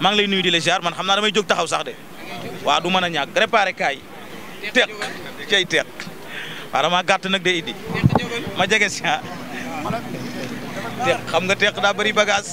maa ngi lay nuyu di la man xam naa damay jóg taxaw sax de waaw du mën a ñàkk réparé kaay teq cay teq waaw damaa gàtt nag de idi ma jege si ah. teq xam nga teq daa bëri bagage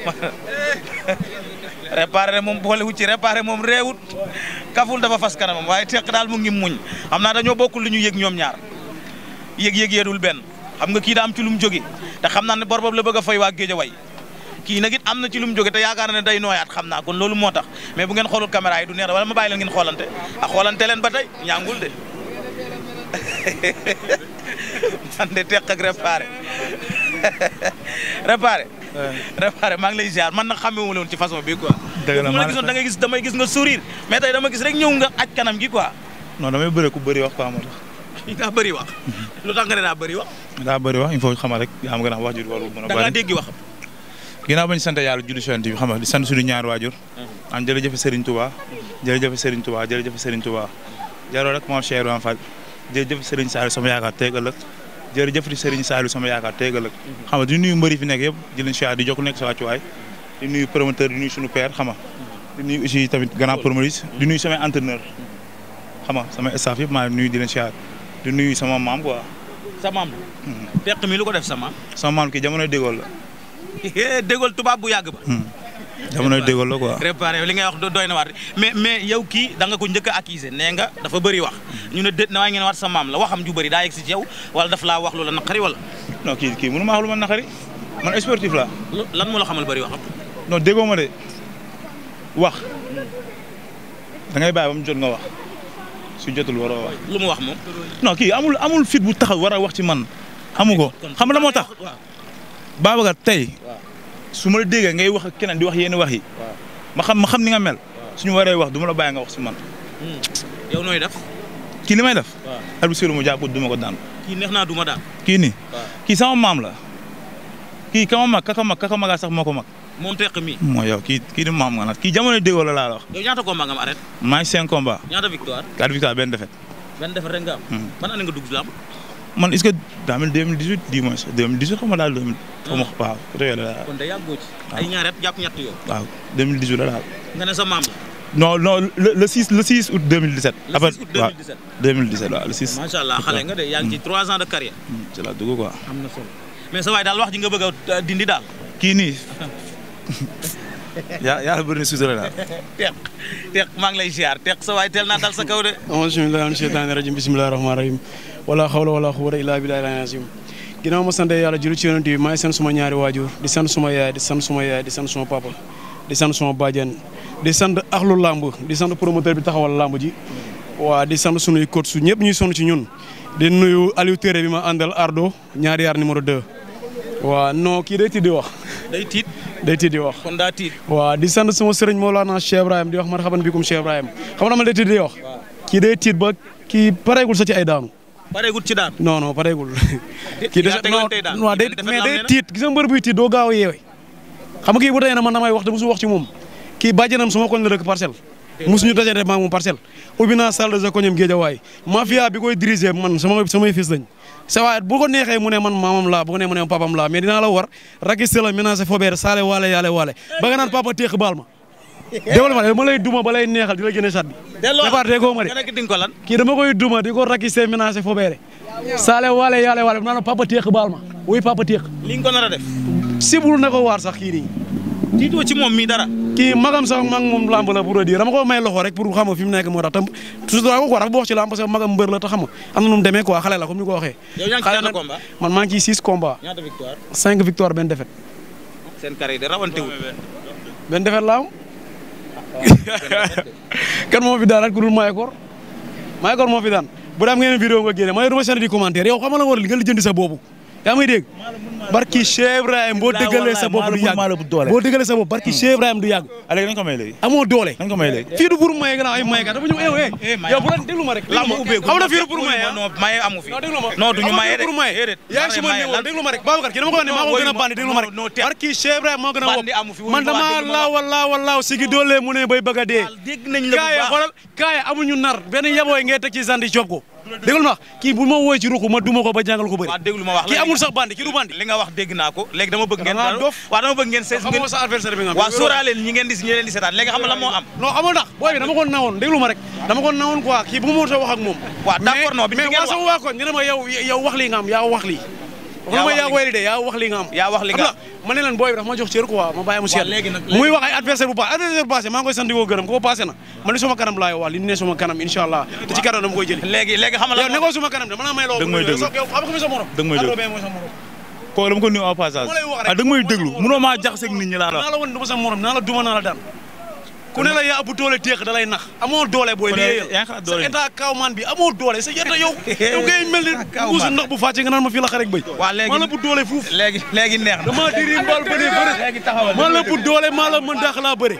réparé moom boole wu ci réparé moom réewut kaful dafa fas kanamam waaye teq daal mu ngi muñ xam naa dañoo bokkul lu ñu yëg ñoom ñaar yëg-yëg yedul benn xam nga kii daa am ci lu mu jóge te xam naa ne bor boobu la bëgg a fay waa way kii nag it am na ci lu mu jóge te yaakaar na ne day nooyaat xam naa kon loolu moo tax mais bu ngeen xoolul caméra yi du neex wala ma bàyyi leen ngeen a ah, xoolante leen ba tey ñaangul de man maa ngi lay ziar man nag xamewuma woon ci façon bi quoi da ngay gis damay gis nga sourire mais tey dama gis rek ñëw nga aj kanam gi quoi noon damay bëri ku bëri wax ko moo tax daa bëri wax. lu tax nga ne daa bëri wax. daa bëri wax il faut xamal rek yaa ma gën a wax ji warul mën a bëri da ngaa dégg wax. ginnaaw bañ sant yàlla julli sant bi xam nga di sant suñu ñaar waajur mm-hmm. am jërëjëf Serigne Touba jërëjëf Serigne Touba jërëjëf Serigne Touba jaroo rek moom Cheikh Ibrahima Fall jërëjëf Serigne Saliou sama yaakaar tey ëllëg jërëjëf di Serigne Saliou sama yaakaar tey ëllëg mm-hmm. xam nga di nuyu mbëri fi nekk yëpp di leen siyaar di jokk nekk sa wàccuwaay di nuyu promoteur di nuyu suñu père xam nga mm-hmm. di nuyu aussi tamit grand promoteur di nuyu samay entraîneur xam nga sama staff yëpp maa nuyu di leen siyaar di nuyu sama maam quoi sa maam la. teq mi lu ko def sa maam. sama maam ki jamono dégool la dégal tubaab bu yàgg ba. Hmm. jamono dégal la quoi. préparé li ngay wax doy na waar mais mais yow kii danga ko njëkk a nee nga dafa bëri wax hmm. ñu ne déet na waaye ngeen waat sa maam la waxam ju bari daa yegg si ci yow wala daf laa wax lu la naqari wala. non kii kii mënu ma wax lu ma naqari man sportif la lan moo la xamal bëri wax. non déggoo ma de wax da ngay bàyyi ba mu jot nga wax su jotul waroo wax. lu mu wax moom. non kii amul amul fit bu taxaw war a wax ci man. amu ko xam nga Babacar tey su ma la déggee ngay wax ak keneen di wax yenn wax yi. ma xam ma xam ni nga mel. suñu waree wax du ma la bàyyi nga wax si man. Hmm. yow nooy kii li may def. waaw arbitre mu jàpp du ma ko daan. neex naa du ma daan. kii nii. kii sama maam la. kii kama mag kaka mag kaka magaa sax moo ko mag. moom teq mi. mooy yow kii kii di maam nga nag kii jamono déggoo la laa la wax. yow ñaata combat nga maa ngi ñaata victoire. quatre victoire benn défaite. benn défaite rek nga am. Hmm. ban man est-ce que daa mel 2018 dix mois 2018 xam nga daal 2000. xam nga waaw côté yooyu la daal. kon de yàggoo ci. ay ñaar rek jàpp ñett yow. waaw 2018 la daal. nga ne sa maam la. non non le le 6 le 6 août 2017. le 6 août 2017 2017 waaw le 6. macha allah xale nga de yaa ngi ci 3 mm. ans de carrière. Mm, ci la dugg quoi. am na solo mais sa waay daal wax ji nga bëgg a dindi daal. kii nii. yaa yàlla bëri na sutura daal. teq teq maa ngi lay ziar teq sa waay teel naa dal sa kaw de. auzu billaahi mina sheytaani rajiim bismillaahi rahmaani rahiim wala xawla wala xuwwata illaa billaahi al-aliyyil aziim ma sant yàlla julli ci yonent di maa ngi sant suma ñaari waajur di sant suma yaay di sant suma yaay di sant suma papa di sant suma bàjjen di sant axlu làmb di sant promoteur bi taxawal làmb ji waa di sant sunuy coach su ñëpp ñuy sonn ci ñun di nuyu Aliou bi ma àndal Ardo ñaari yaar numéro 2 waa kii day wax day tiit day tiit di wax. kon daa tiit. waaw di sant sama sëriñ Mawlana Cheikh Ibrahim di wax marhaban bikum Cheikh Ibrahim xam nga man day tiit di wax. kii day tiit ba kii pareegul sa ci ay daanu. pareegul ci daan non non pareegul. kii de non waaw day mais day tiit gis nga mbër buy tiit doo gaaw a yeewe. xam nga kii bu tey na man damay wax de mosul wax ci moom kii bàjjenam sama koñ la dëkk parcelle mus ñu dajante maa moom parcelle ubbi naa salle de jeu koñam géejawaay mafia bi koy diriger man samay fils lañ sa waay neexee mu man maamam laa bu ko nee papam laa mais dinaa la war rakiste la ménage fobeer saale waale yaale waale ba nga papa téex baal ma ba lay neexal di la génne sat bi kii dama koy duma di ko rakiste ménage saale waale yaale waale bu naan papa téex baal ma wuy papa téex li nga ko nar a waar sax kii nii tiitoo ci moom mii dara kii magam sax mag moom lamb la pour dire dama ko may loxo rek pour xam nga fi mu nekk moo tax tam surtout ko dafa bokk ci lamb parce que magam mbër la te xam nga am na nu mu demee quoi xale la comme ni ko waxee xale nag man maa ngi ci six combats cinq victoire benn défaite seen carré de rawantewul benn défaite la am moo fi daanaat ku moo fi daan ngeen vidéo nga génne ma ne di commentaire yow xam la war li nga lijjanti sa yaa ngi dégg barki Cheikh Ibrahim boo dëggalee sa bopp du yàgg boo dëggalee sa bopp barki hmm. Cheikh Ibrahim du yàgg. Ah, léegi nañ ko may léegi. amoo doole nañ ko may léegi. fii du pour maye gannaaw ay maye kat dafa ñëw eh eh, eh yow bu doon déglu ma rek. lamb ubbeeku xam nga fii du pour maye ah non maye amu fi. non du ñu maye de déedéet. yaa ngi si ma néew déglu ma rek Babacar kii dama ko wax ne maa ko gën a bandi déglu ma rek barki Cheikh Ibrahim moo gën a wopp man dama laaw laaw laaw sigi doole mu ne bay bëgg a dee. dégg nañ la bu baax gaay xoolal gaay amuñu nar benn yabooy ngay teg ci sandi job ko déglu ma wax kii bu ma wooy ci ruxu ma duma ko ba jàngal ko bëri. kii amul sax bandi kii du bandi. li nga wax dégg naa ko léegi dama bëgg ngeen. sees ngeen sa adversaire bi nga waaw sóoraale ñi ñi leen di seetaan léegi xam nga am. non xamul ndax booy bi dama ko nawoon déglu ma rek dama ko nawoon quoi kii bu ma mënut a wax ak moom. waaw d'accord non bi mais mais waa sama waa koñ ñu ne ma yow yow wax lii nga am waxuma yaa wéri de yaa wax li nga am yaa wax li nga am ma ne leen booy bi dafa ma jox cër quoi ma bàyyi mu seet muy wax ay bu baax adversaire koy sant di ko gërëm na ma ne suma kanam laay wax li ne suma kanam insha allah te ci koy jëli la ne ko suma kanam de mën naa may loo xam ko mi ko nuyu en passage ah da nga may déglu mënoo maa jaxase ma sa morom naa la duma naa la daan ku ne yaa ëpp doole téex da lay nax amoo doole booy liggéeyal sa état kawman bi amoo doole sa état yow yow ngay mel ni mbuusu ndox bu fàccee nga naan ma fii la xarek béy maa la bu doole fuuf léegi léegi neex na dama diri mbaal bëri bëri maa la bu doole maa la mën daax laa bëri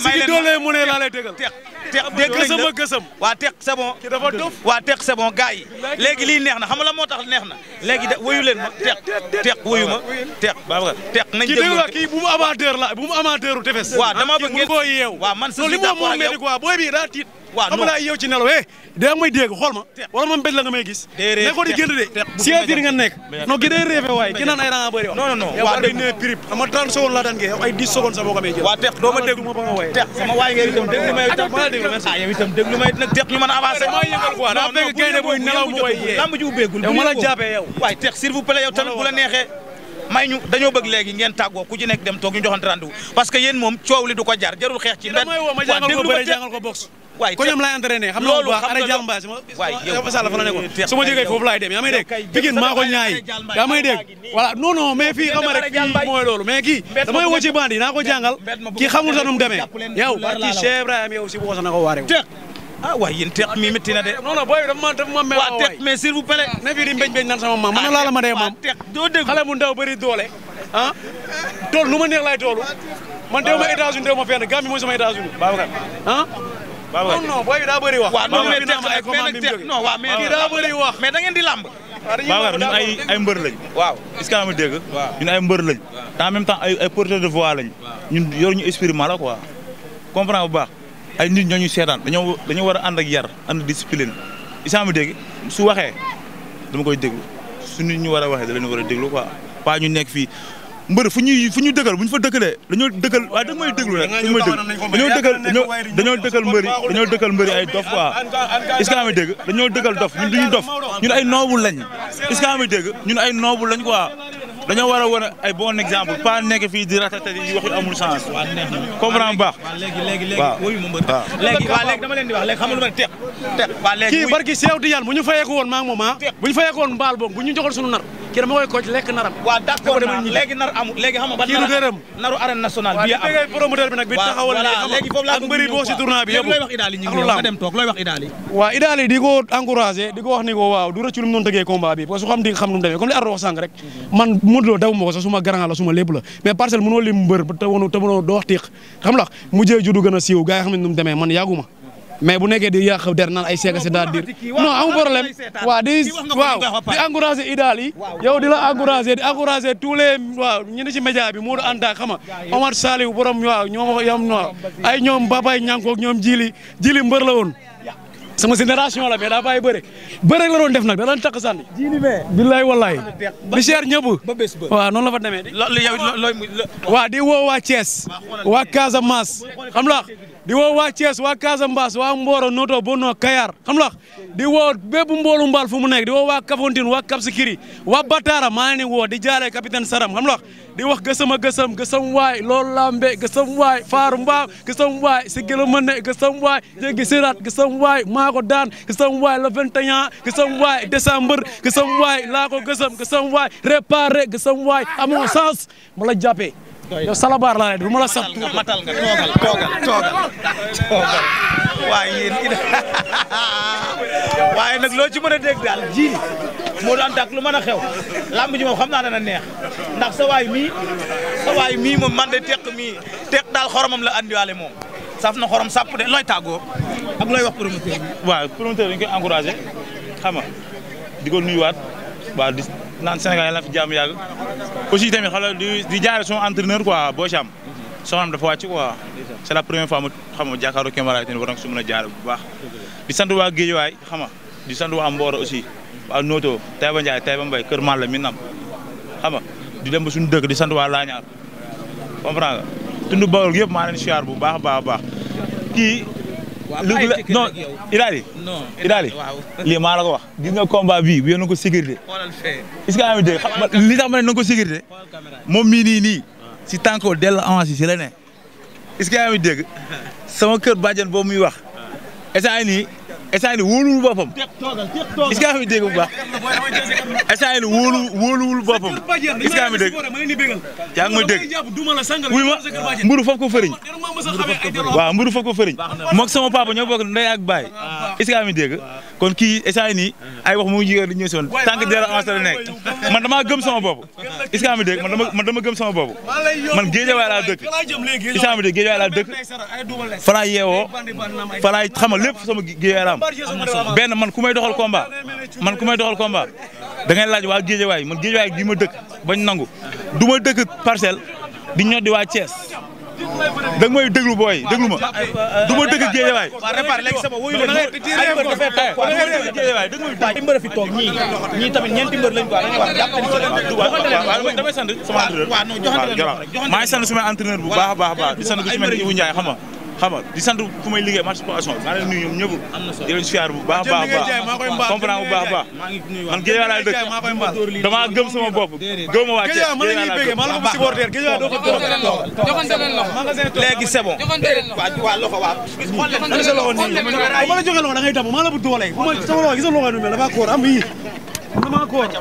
si doole mu ne laa lay tegal teex dégg nañ la sama waa teex c'est bon ki dafa lii neex na xam nga la moo tax neex na léegi da wayu leen ma teex teex wayu ma teex teex nañ kii bu mu amateur a bu mu amateuru tefes waa dama bëgg yeew waaw man sa li moom a mel ni quoi booy bi daa tiit waaw non xam naa yow ci nelaw eh da may dégg xool ma wala moom bët nga may ne ko di génn de si biir nga nekk non gi day réefé waaye ki naan ay ranga bëri wax non non non waaw dégg ne prip xam nga 30 secondes laa ko a daa fekk gaynde buy nelaw mu way yee lamb ji ubbeegul ma la jàppee yow waay tex s'il vous plaît yow la neexee may ñu dañoo bëgg léegi ngeen tàggoo dem toog ñu joxante rendez-vous parce que yéen moom coow li ko jar jarul xeex ci mbedd waay ko ñoom laay entraîné xam na bu baax ara jàll mbaa si ma sala fa la nekkoon su ma jógee foofu laay dem yaa may dégg Pikine maa ñaay yaa may dégg voilà non non mais fii xam nga rek fii mooy loolu mais kii damay ci bandi naa ko jàngal kii sa nu mu demee yow barki Cheikh Ibrahima yow si boo na ko waaree ah waaye yéen teet mi métti na de. non non booy bi dafa ma ma waaw teet mais s'il vous plaît. fi di mbéj mbéj naan sama maam man laa la ma dee maam. teet doo dégg xale bu ndaw bëri doole. ah tool lu ma neex laay toolu. man dew ma États-Unis dew ma fenn Gambie mooy sama États-Unis. Babacar ah. Babacar non non wax. waaw non mais ay commande bi mu da ngeen di làmb. Babacar ñun ay ay mbër lañ. waaw est-ce ma dégg. waaw ñun ay mbër lañ. en même temps ay ay porteurs de voix lañ. ñun yor ñu expériment la quoi bu baax ay nit ñoo ñu seetaan dañoo dañoo war a ànd ak yar ànd discipline isaam dégg su waxee dama koy déglu su nit ñu war a waxee da leen war a déglu quoi pas ñu nekk fii mbër fu ñuy fu ñu dëkkal bu ñu fa dëkkalee dañoo dëkkal waaye da may déglu rek dañoo dëkkal dañoo dëkkal mbëri dañoo dëkkal mbëri ay dof quoi est-ce que amee dégg dañoo dëkkal dof ñun duñu dof ñun ay noobu lañ est-ce que amee dégg ñun ay noobu lañ quoi dañoo war a wane ay bon exemple pas nekk fii di ratata yi waxul amul sens. waaw neex na comprendre baax. waaw léegi léegi léegi wuyu ma dama leen di wax xam nga kii barki Seew Tijaan bu ñu fayeeku woon maa ngi moom ah. ñu fayeeku woon mbaal boog bu ñu joxoon suñu nar kii dama koy kooj lekk naram. kii du gërëm naru arène nationale. bi am waaw promoteur bi nag bi taxawal. léegi foofu bëri boo si tournoi bi yëpp. looy wax Idaly du rëccu lu mu doon tëggee combat bi suma grand mais parcelle mënoo lim mbër te mënoo doo wax tiix xam la mu jëy juddu siiw gaa yi nu mu demee man yàgguma mais bu nekkee di yàq der naan ay seega c'est-à-dire non amul problème waaw di waaw di encourager di la encourager di encourager tous les waaw ñu ne ci média bi Modou Anta xama Omar Saliou borom waaw ñoom yam no ay ñoom Babay Ñankoog ñoom jili jili mbër la woon sama génération la mais daa bàyyi bëre bëre la doon def nag da doon takk sànni. jiini bee billaay wallaay. di cher ñëpp. ba bés la fa demee. lo yow looy waa di woo waa Thiès. waa Casamance xam la di woo waa Thiès waa Casamance waa Mboro Noto Bono Kayar xam lax di woo bépp mboolu mbaal fu mu nekk di woo waa Kafountine waa Cap waa Batara maa ngi woo di jaaree capitaine Saram xam lax di wax gësama gësam gësam waay loolu lambe gësam waay faaru mbaaw waay si gëla waay jéggi sirat waay maa daan gësam waay le 21 waay décembre gësam waay laa ko gësam waay réparé gësam waay amoo sens mu la yow salabaar laa lay du ma la sax nga matal nga toogal toogal toogal toogal waaye yéen ina waaye nag loo ci mën a dégg daal ji moo daan tàkk lu mën a xew làmb ji moom xam naa dana neex ndax sa waay mii sa waay mii moom man de teq mii teq daal xoromam la andiwaale moom saf na xorom sàpp de looy tàggoo ak looy wax promoteur bi waaw promoteur dañ koy encouragé xam nga di waa di naan Sénégal yàlla na fi jàmm yàgg aussi tamit di di jaare son entraîneur quoi Boy Cham dafa wàcc quoi c'est la première fois mu xam nga jàkkaaroo Kémara te war na su mën a jaare bu baax di sant waa Guédiawaye xam nga di sant waa Mboro aussi waa Noto Taïba Ndiaye Taïba Mbaye Kër Malla mi nam xam nga di dem ba suñu dëkk di sant waa Laañaar comprends nga tund Bawol yëpp maa leen siyaar bu baax a baax a baax kii non Idaly Idaly lii maa la ko wax gis nga combat bii bu yéen ko sécurité est-ce que am dégg li tax ma ne na nga ko sécurité moom mii nii nii si tànkoo dellu avance yi si la ne est-ce que yaa ngi dégg sama kër bàjjen boobu muy wax est-ce que nii instant yii nii boppam. est-ce que nga xam bu baax instant yii nii wóolu wóoluwul boppam est-ce que nga xam ne dégg. yaa ngi may dégg wuy ma mburu foofu ko fëriñ. waaw mburu foofu ko fëriñ moog sama papa ñoo bokk ndey ak baay est-ce que nga kon kii essai ni ay wax mu jigéen dañu ñëw si woon tant que dara avancé la nekk man damaa gëm sama bopp islam bi dégg man dama man dama gëm sama bopp man géejawaay laa dëkk islam bi dégg géejawaay laa dëkk falaa yeewoo falaa xam nga lépp sama géejawaay la am benn man ku may doxal combat man ku may doxal combat da laaj waa géejawaay man géejawaay gi ma dëkk bañ nangu du ma dëkk parcelle di ñoddi waa Thiès da nga may déglu booy déglu ma du ma dëgg géejewaay. waaw répar léegi sama wuyu la ñu géejewaay da nga may déglu mbër fi toog ñii ñii tamit ñeenti mbër lañ ko wax damay a sama entraîneur. waaw non joxante leen rek maa ngi sant suma bu baax a baax a baax di sant ku ci mel ni xam xam nga di sant ku may liggéey participation maa leen nuyu ñoom ñëpp. am na solo di leen siyaar bu baax baax baax. comprendre bu baax baax. man Guédiawaye laa dëkk damaa gëm sama bopp gëm waa Thiès Guédiawaye laa dëkk. waaw baax na léegi c'est bon. waaw waaw loxo waaw. xool sa loxo nii bu ma la joxee loxo da ngay damm maa la bu doole bu ma sama loxo gis nga loxo nu mel damaa kóor am yii damaa kóor.